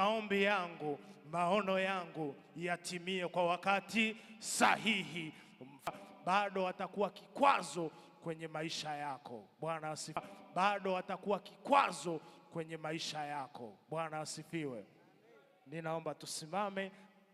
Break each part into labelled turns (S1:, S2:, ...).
S1: maombi yangu, maono yangu yatimie kwa wakati sahihi. Bado atakuwa kikwazo kwenye maisha yako. Bwana asifiwe. Bado atakuwa kikwazo kwenye maisha yako. Bwana asifiwe. Ninaomba tusimame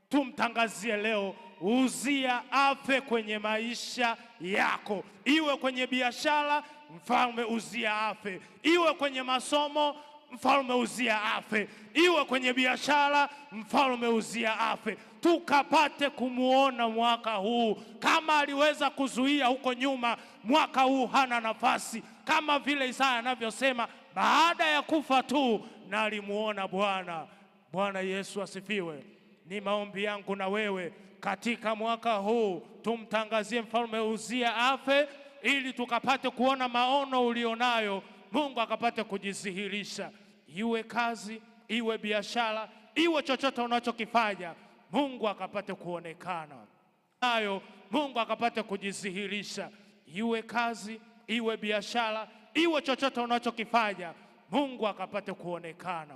S1: tumtangazie leo uzia afe kwenye maisha yako, iwe kwenye biashara, mfalme uzia afe, iwe kwenye masomo mfalme uzia afe, iwe kwenye biashara, mfalme uzia afe, tukapate kumuona mwaka huu. Kama aliweza kuzuia huko nyuma, mwaka huu hana nafasi, kama vile Isaya anavyosema, baada ya kufa tu na alimuona Bwana. Bwana Yesu asifiwe. Ni maombi yangu na wewe katika mwaka huu tumtangazie mfalme uzia afe, ili tukapate kuona maono ulionayo Mungu akapate kujidhihirisha, iwe kazi, iwe biashara, iwe chochote unachokifanya, Mungu akapate kuonekana nayo, Mungu akapate kujidhihirisha, iwe kazi, iwe biashara, iwe chochote unachokifanya, Mungu akapate kuonekana.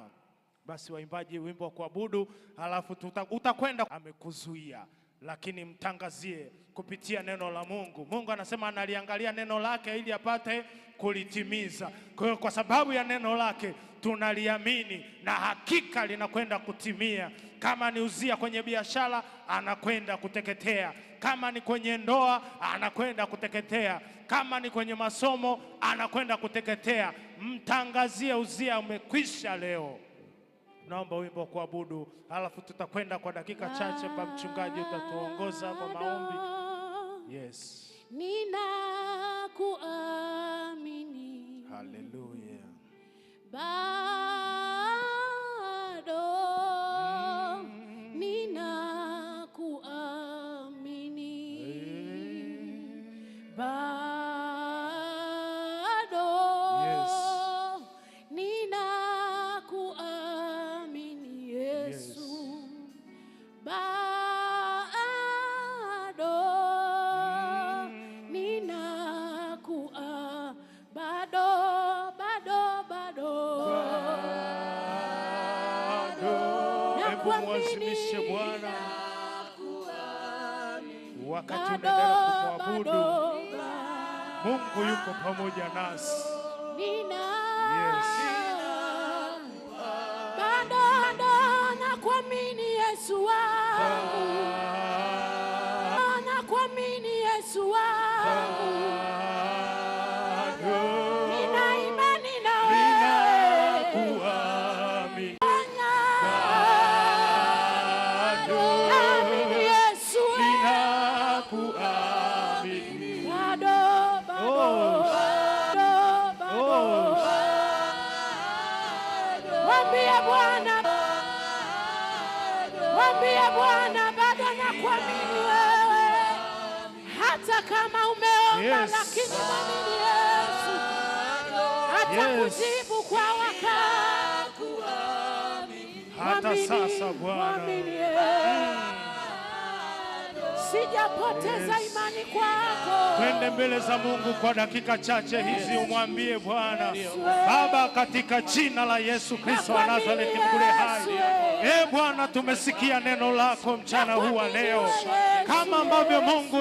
S1: Basi waimbaji, wimbo wa kuabudu, halafu utakwenda amekuzuia lakini mtangazie kupitia neno la Mungu. Mungu anasema analiangalia neno lake ili apate kulitimiza. Kwa hiyo, kwa sababu ya neno lake tunaliamini na hakika linakwenda kutimia. Kama ni uzia kwenye biashara, anakwenda kuteketea. Kama ni kwenye ndoa, anakwenda kuteketea. Kama ni kwenye masomo, anakwenda kuteketea. Mtangazie uzia umekwisha leo tunaomba wimbo wa kuabudu, alafu tutakwenda kwa dakika chache pa mchungaji utatuongoza kwa maombi. Yes.
S2: Ninakuamini.
S1: Haleluya. mwazimishe Bwana wakati unaendelea kumwabudu. Mungu yuko pamoja nasi.
S2: Yes. Bado nakuamini Yesu wangu ah. Kama umeomba yes, lakini
S1: mwamini Yesu
S2: atakujibu yes, kwa wakati.
S1: Hata sasa Bwana, mm.
S2: sijapoteza yes, imani kwako.
S1: Twende mbele za Mungu kwa dakika chache yes, hizi umwambie Bwana eh. Baba, katika jina la Yesu Kristo wa Nazareti mkule hai eh. E Bwana, tumesikia neno lako mchana huu wa leo, kama ambavyo Mungu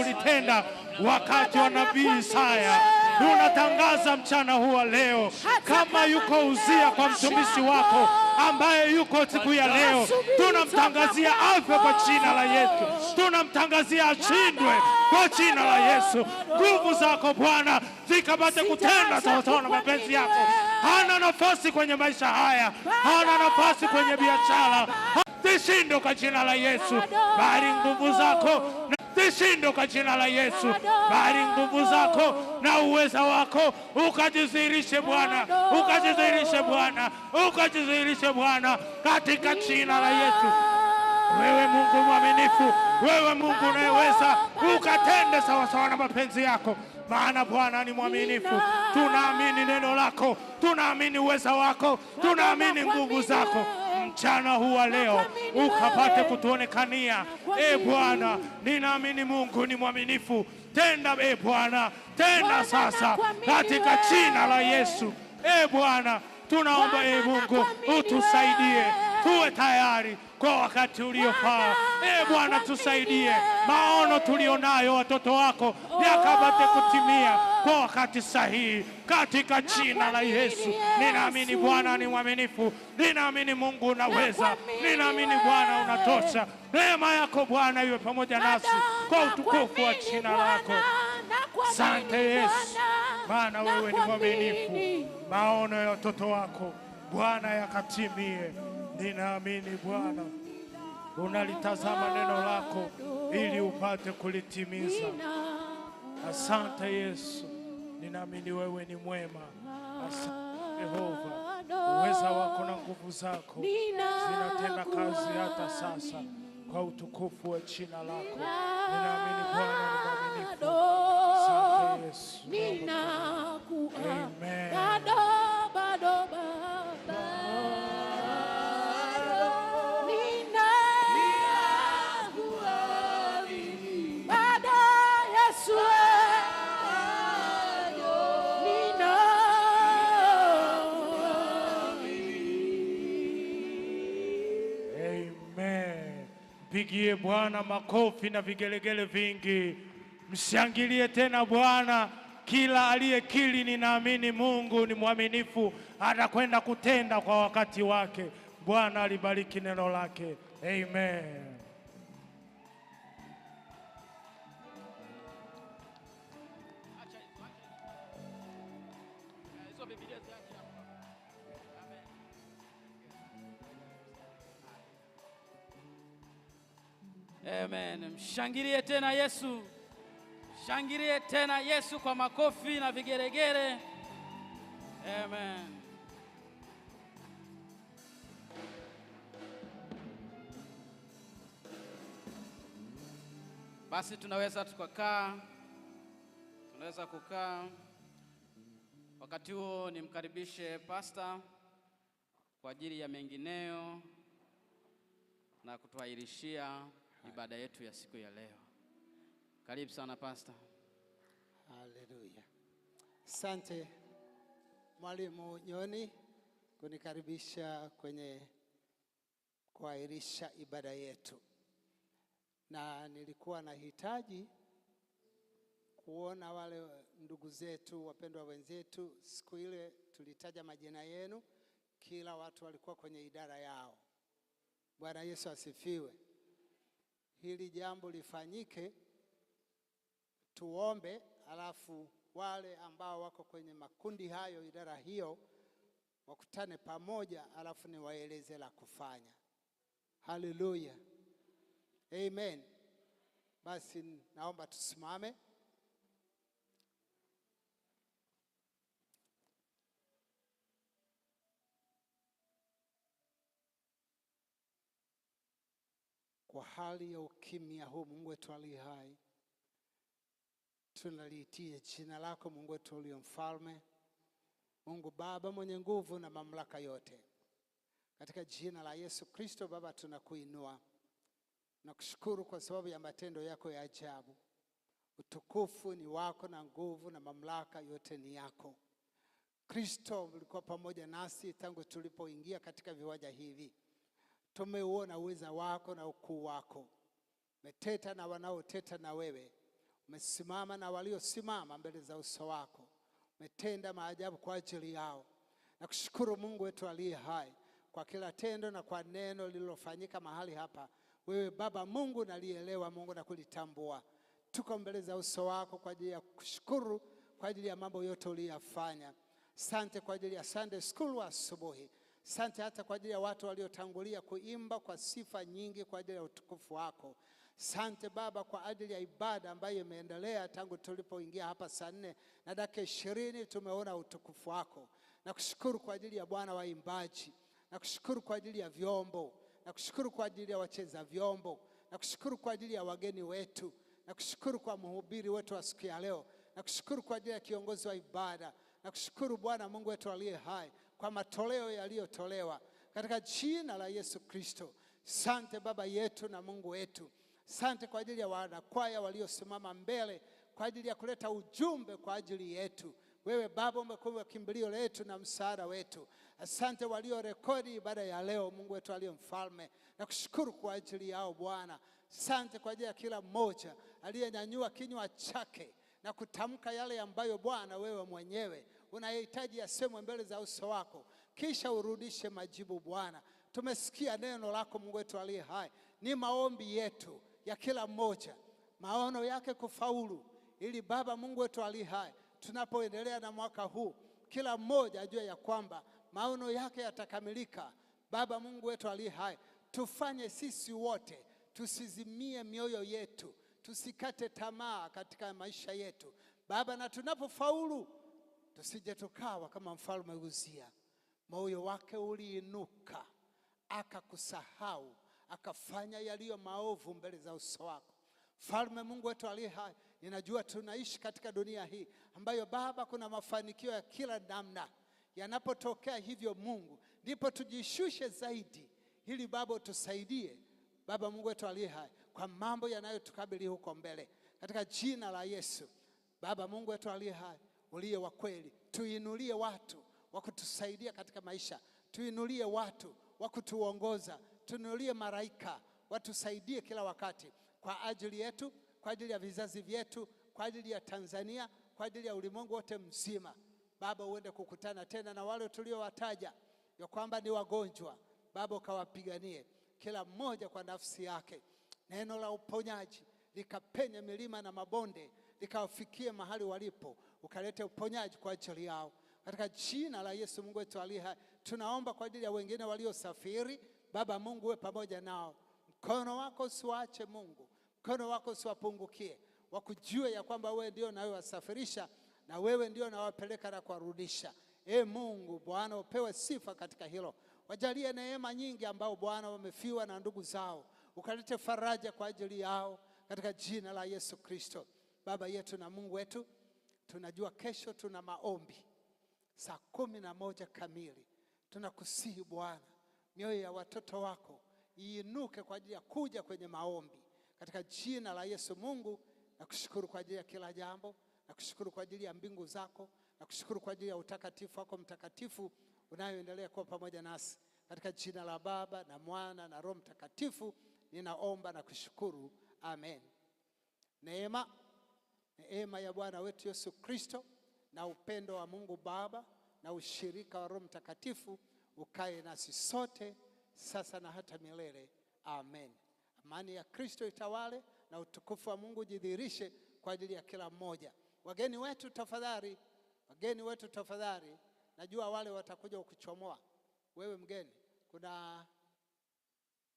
S1: ulitenda wakati wa nabii Isaya. Tunatangaza mchana huu wa leo, kama yuko Uzia kwa mtumishi wako ambaye yuko siku ya leo, tunamtangazia afya kwa jina la Yesu, tunamtangazia ashindwe kwa jina la Yesu. Nguvu zako Bwana zikapate kutenda sawasawa na mapenzi yako hana nafasi kwenye maisha haya, hana nafasi kwenye biashara. Zishindwe kwa jina la Yesu, bali nguvu zako zishindwe kwa jina la Yesu, bali nguvu zako na uweza wako ukajidhihirishe Bwana, ukajidhihirishe Bwana, ukajidhihirishe Bwana, katika jina la Yesu. Wewe Mungu mwaminifu, wewe Mungu unayeweza, ukatende sawasawa na mapenzi yako maana Bwana ni mwaminifu. Tunaamini neno lako, tunaamini uweza wako, tunaamini nguvu zako mchana huwa leo ukapate kutuonekania e Bwana, ninaamini Mungu ni mwaminifu. Tenda e Bwana, tenda sasa katika jina la Yesu. E Bwana, tunaomba e Mungu utusaidie uwe tayari kwa wakati uliofaa. E Bwana, tusaidie maono tulionayo watoto wako yakapate oh, kutimia kwa wakati sahihi, katika jina la Yesu. Ninaamini Bwana ni mwaminifu, ninaamini Mungu unaweza, ninaamini Bwana unatosha. Neema yako Bwana iwe pamoja nasi kwa utukufu wa jina lako. Asante Yesu, maana wewe ni mwaminifu. Maono ya watoto wako Bwana yakatimie. Ninaamini Bwana unalitazama neno lako ili upate kulitimiza. Asante Yesu, ninaamini wewe ni mwema. Asante Yehova, uweza wako na nguvu zako zinatenda kazi hata sasa kwa utukufu wa jina lako. Ninaamini Bwana ninaamini. Asante Yesu. Amen. Mpigie Bwana makofi na vigelegele vingi, mshangilie tena Bwana. Kila aliyekiri ninaamini Mungu ni mwaminifu, atakwenda kutenda kwa wakati wake. Bwana alibariki neno lake, amen.
S3: Eh, Amen. Mshangilie tena Yesu. Shangilie tena Yesu kwa makofi na vigeregere. Amen. Basi tunaweza tukakaa, tunaweza kukaa. Wakati huo nimkaribishe pasta kwa ajili ya mengineyo na kutuahirishia ibada yetu ya siku ya leo. Karibu sana Pastor.
S4: Haleluya. Asante Mwalimu Nyoni kunikaribisha kwenye kuahirisha ibada yetu, na nilikuwa nahitaji kuona wale ndugu zetu wapendwa wenzetu. Siku ile tulitaja majina yenu, kila watu walikuwa kwenye idara yao. Bwana Yesu asifiwe hili jambo lifanyike, tuombe, alafu wale ambao wako kwenye makundi hayo, idara hiyo, wakutane pamoja, alafu niwaeleze la kufanya. Haleluya, amen. Basi naomba tusimame. kwa hali ya ukimya huu, Mungu wetu aliye hai, tunaliitia jina lako, Mungu wetu uliye mfalme, Mungu Baba mwenye nguvu na mamlaka yote, katika jina la Yesu Kristo. Baba, tunakuinua na kushukuru kwa sababu ya matendo yako ya ajabu. Utukufu ni wako na nguvu na mamlaka yote ni yako. Kristo, ulikuwa pamoja nasi tangu tulipoingia katika viwanja hivi Tumeuona uweza wako na ukuu wako. Umeteta na wanaoteta na wewe, umesimama na waliosimama mbele za uso wako, umetenda maajabu kwa ajili yao. Nakushukuru Mungu wetu aliye hai kwa kila tendo na kwa neno lililofanyika mahali hapa. Wewe Baba Mungu nalielewa Mungu na kulitambua, tuko mbele za uso wako kwa ajili ya kushukuru kwa ajili ya mambo yote uliyofanya. sante kwa ajili ya Sunday School asubuhi. Sante hata kwa ajili ya watu waliotangulia kuimba kwa sifa nyingi kwa ajili ya utukufu wako. Sante Baba kwa ajili ya ibada ambayo imeendelea tangu tulipoingia hapa saa nne na dakika ishirini. Tumeona utukufu wako. Nakushukuru kwa ajili ya Bwana waimbaji, nakushukuru kwa ajili ya vyombo, nakushukuru kwa ajili ya wacheza vyombo, nakushukuru kwa ajili ya wageni wetu, nakushukuru kwa mhubiri wetu wa siku ya leo, nakushukuru kwa ajili ya kiongozi wa ibada, nakushukuru Bwana Mungu wetu aliye hai kwa matoleo yaliyotolewa katika jina la Yesu Kristo. Sante Baba yetu na Mungu wetu, sante kwa ajili ya wanakwaya waliosimama mbele kwa ajili ya kuleta ujumbe kwa ajili yetu. Wewe Baba umekuwa kimbilio letu na msaada wetu. Asante walio rekodi ibada ya leo, Mungu wetu aliye mfalme, na kushukuru kwa ajili yao Bwana. Sante kwa ajili ya kila mmoja aliyenyanyua kinywa chake na kutamka yale ambayo Bwana wewe mwenyewe unayohitaji yasemwe mbele za uso wako, kisha urudishe majibu. Bwana, tumesikia neno lako, Mungu wetu aliye hai. Ni maombi yetu ya kila mmoja, maono yake kufaulu, ili Baba Mungu wetu aliye hai, tunapoendelea na mwaka huu, kila mmoja ajue ya kwamba maono yake yatakamilika. Baba Mungu wetu aliye hai, tufanye sisi wote tusizimie mioyo yetu tusikate tamaa katika maisha yetu Baba, na tunapofaulu tusije tukawa kama mfalme Uzia, moyo wake uliinuka akakusahau akafanya yaliyo maovu mbele za uso wako. Mfalme Mungu wetu aliye hai, ninajua tunaishi katika dunia hii ambayo Baba kuna mafanikio ya kila namna. Yanapotokea hivyo, Mungu, ndipo tujishushe zaidi, ili Baba utusaidie. Baba Mungu wetu aliye hai kwa mambo yanayotukabili huko mbele, katika jina la Yesu. Baba Mungu wetu aliye hai, uliye wa kweli, tuinulie watu wa kutusaidia katika maisha, tuinulie watu wa kutuongoza, tuinulie maraika watusaidie kila wakati, kwa ajili yetu, kwa ajili ya vizazi vyetu, kwa ajili ya Tanzania, kwa ajili ya ulimwengu wote mzima. Baba, uende kukutana tena na wale tuliowataja ya kwamba ni wagonjwa. Baba, ukawapiganie kila mmoja kwa nafsi yake neno la uponyaji likapenye milima na mabonde, likawafikie mahali walipo, ukalete uponyaji kwa ajili yao katika jina la Yesu Mungu wetu aliye hai. Tunaomba kwa ajili ya wengine waliosafiri. Baba Mungu, we pamoja nao, mkono wako usiwaache Mungu, mkono wako usiwapungukie, wakujue ya kwamba wewe ndio unayewasafirisha na wewe ndio unawapeleka na kuwarudisha. E Mungu Bwana, upewe sifa katika hilo. Wajalie neema nyingi ambao Bwana wamefiwa na ndugu zao ukalete faraja kwa ajili yao katika jina la Yesu Kristo. Baba yetu na Mungu wetu, tunajua kesho tuna maombi saa kumi na moja kamili. Tunakusihi Bwana, mioyo ya watoto wako iinuke kwa ajili ya kuja kwenye maombi katika jina la Yesu. Mungu, nakushukuru kwa ajili ya kila jambo, nakushukuru kwa ajili ya mbingu zako, nakushukuru kwa ajili ya utakatifu wako mtakatifu unayoendelea kuwa pamoja nasi katika jina la Baba na Mwana na Roho Mtakatifu ninaomba na kushukuru amen. Neema, neema ya Bwana wetu Yesu Kristo na upendo wa Mungu Baba na ushirika wa Roho Mtakatifu ukae nasi sote sasa na hata milele amen. Amani ya Kristo itawale na utukufu wa Mungu jidhihirishe kwa ajili ya kila mmoja. Wageni wetu tafadhali, wageni wetu tafadhali, najua wale watakuja kukuchomoa wewe mgeni. Kuna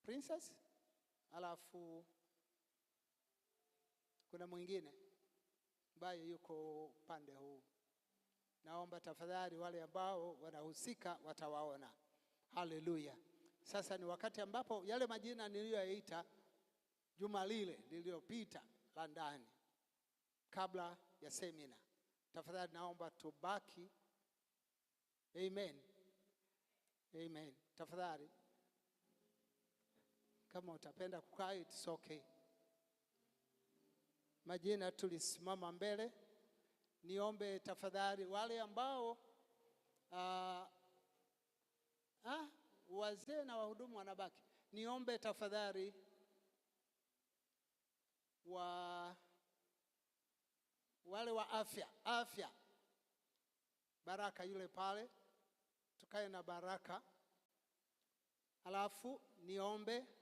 S4: princess alafu kuna mwingine ambaye yuko upande huu. Naomba tafadhali wale ambao wanahusika watawaona. Haleluya! Sasa ni wakati ambapo yale majina niliyoyaita juma lile lililopita la ndani, kabla ya semina, tafadhali naomba tubaki. Amen, amen. Tafadhali kama utapenda kukaa, it's okay. Majina tulisimama mbele. Niombe tafadhali wale ambao uh, ah, wazee na wahudumu wanabaki. Niombe tafadhali wa wale wa afya afya, Baraka yule pale, tukae na Baraka, alafu niombe